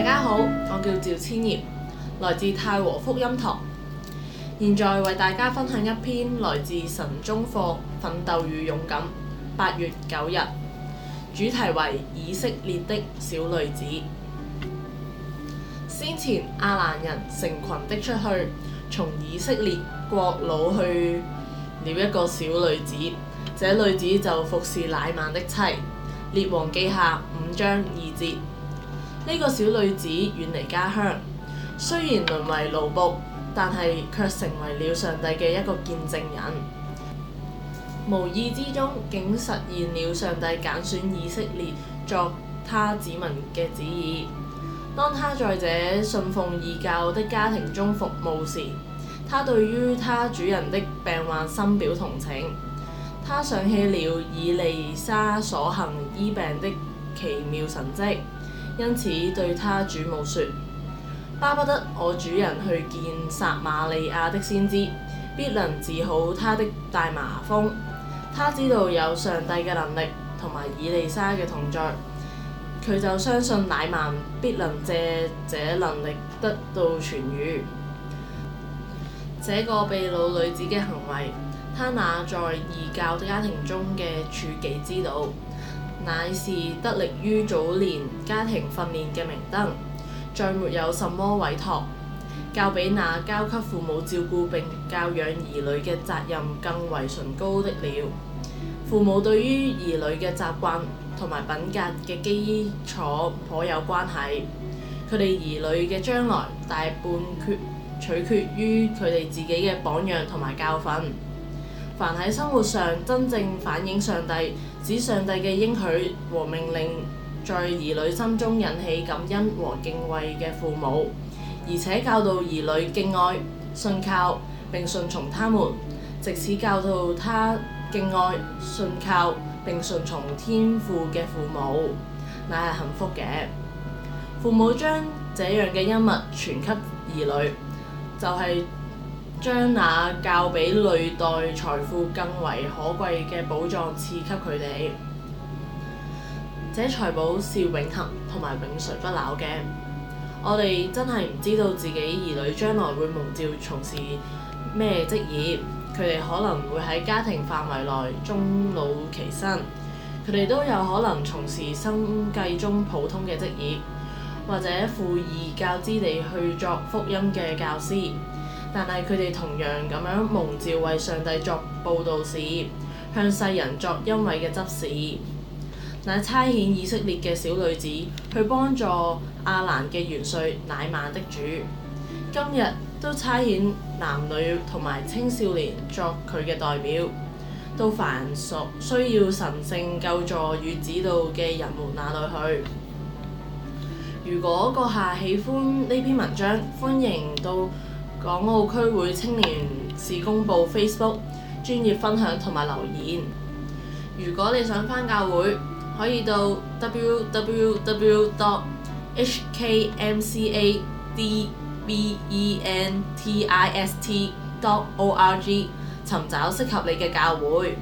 大家好，我叫趙千葉，來自太和福音堂，現在為大家分享一篇來自神中課《奮鬥與勇敢》，八月九日，主題為以色列的小女子。先前亞蘭人成群的出去，從以色列國擄去了一個小女子，這女子就服侍乃曼的妻，《列王記下》五章二節。呢個小女子遠離家鄉，雖然淪為奴僕，但係卻成為了上帝嘅一個見證人。無意之中，竟實現了上帝揀選以色列作他子民嘅旨意。當他在這信奉異教的家庭中服務時，他對於他主人的病患深表同情。他想起了以利沙所行醫病的奇妙神跡。因此對他主母說：巴不得我主人去見撒瑪利亞的先知，必能治好他的大麻風。他知道有上帝嘅能力同埋以利沙嘅同在，佢就相信乃曼必能借這能力得到痊愈。」這個秘魯女子嘅行為，她那在異教家庭中嘅處己之道。乃是得力於早年家庭訓練嘅明燈，再沒有什麼委託，較比那交給父母照顧並教養兒女嘅責任，更為崇高的了。父母對於兒女嘅習慣同埋品格嘅基礎頗有關係，佢哋兒女嘅將來大半決取決於佢哋自己嘅榜樣同埋教訓。凡喺生活上真正反映上帝，指上帝嘅應許和命令在兒女心中引起感恩和敬畏嘅父母，而且教導兒女敬愛信靠並順從他們，即使教導他敬愛信靠並順從天父嘅父母，乃係幸福嘅。父母將這樣嘅恩物傳給兒女，就係、是。將那較比累代財富更為可貴嘅寶藏賜給佢哋，這財寶是永恒同埋永垂不朽嘅。我哋真係唔知道自己兒女將來會蒙召從事咩職業，佢哋可能會喺家庭範圍內終老其身，佢哋都有可能從事生計中普通嘅職業，或者赴異教之地去作福音嘅教師。但係佢哋同樣咁樣蒙召為上帝作報道使，向世人作恩惠嘅執事。乃差遣以色列嘅小女子去幫助亞蘭嘅元帥乃縵的主。今日都差遣男女同埋青少年作佢嘅代表，到凡屬需要神聖救助與指導嘅人們那裏去。如果閣下喜歡呢篇文章，歡迎到港澳區會青年事工部 Facebook 專業分享同埋留言。如果你想返教會，可以到 www.hkmcadventist.org 尋找適合你嘅教會。